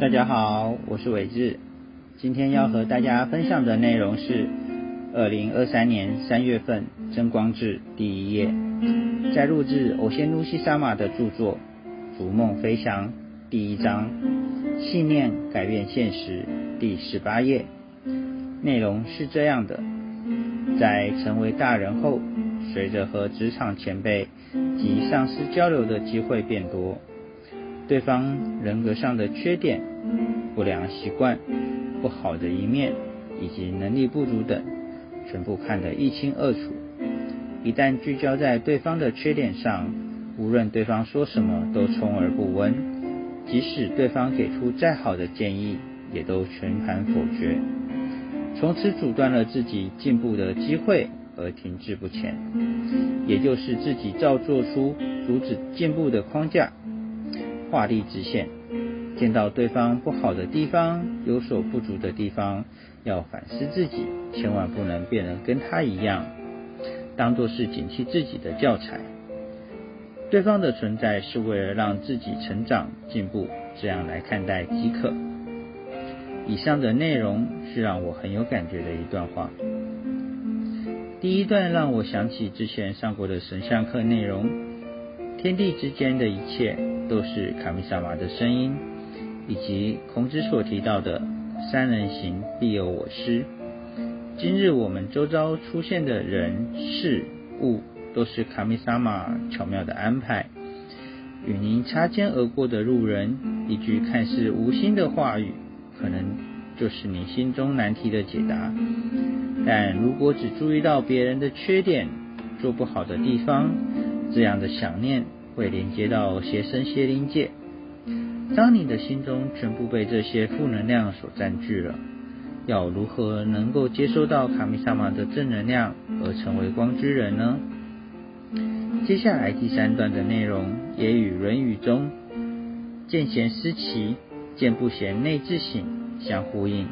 大家好，我是暐智。今天要和大家分享的內容是二零二三年三月份《真光誌》第一頁，在錄製偶像露西沙馬的著作《逐夢飛翔》第一章“信念改變現實”第十八頁，內容是這樣的：在成為大人後，隨着和職場前輩及上司交流的機會變多。對方人格上的缺點，不良習慣、不好的一面，以及能力不足等，全部看得一清二楚。一旦聚焦在對方的缺點上，無論對方說什麼都充耳不聞，即使對方給出再好的建議，也都全盤否決，從此阻斷了自己進步的機會而停滯不前。也就是自己造作出阻止進步的框架。畫地直線，見到對方不好的地方、有所不足的地方，要反思自己，千萬不能變得跟他一樣，當做是警惕自己的教材。對方的存在是為了讓自己成長進步，這樣來看待即可。以上的內容是讓我很有感覺的一段話。第一段讓我想起之前上過的神像課內容，天地之間的一切。都是卡米薩瑪的聲音，以及孔子所提到的“三人行，必有我師”。今日我們周遭出現的人事物，都是卡米薩瑪巧妙的安排。與您擦肩而過的路人，一句看似無心的話語，可能就是你心中難題的解答。但如果只注意到別人的缺點、做不好的地方，這樣的想念。會連接到邪神邪靈界。當你的心中全部被這些負能量所占據了，要如何能夠接收到卡米薩瑪的正能量而成為光之人呢？接下來第三段的內容也與《論語》中“見賢思齊，見不賢內自省”相呼應，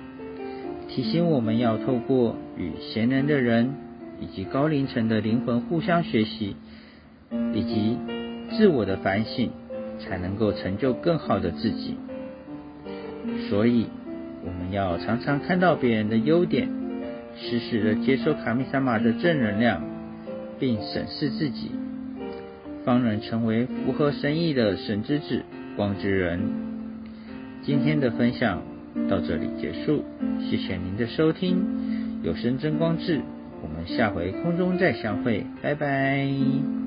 提醒我們要透過與賢能的人以及高靈層的靈魂互相學習，以及。自我的反省，才能夠成就更好的自己。所以，我們要常常看到別人的優點，實時，時的接收卡密三瑪的正能量，並審視自己，方能成為符合神意的神之子、光之人。今天的分享到這裡結束，謝謝您的收聽。有聲真光誌，我們下回空中再相會，拜拜。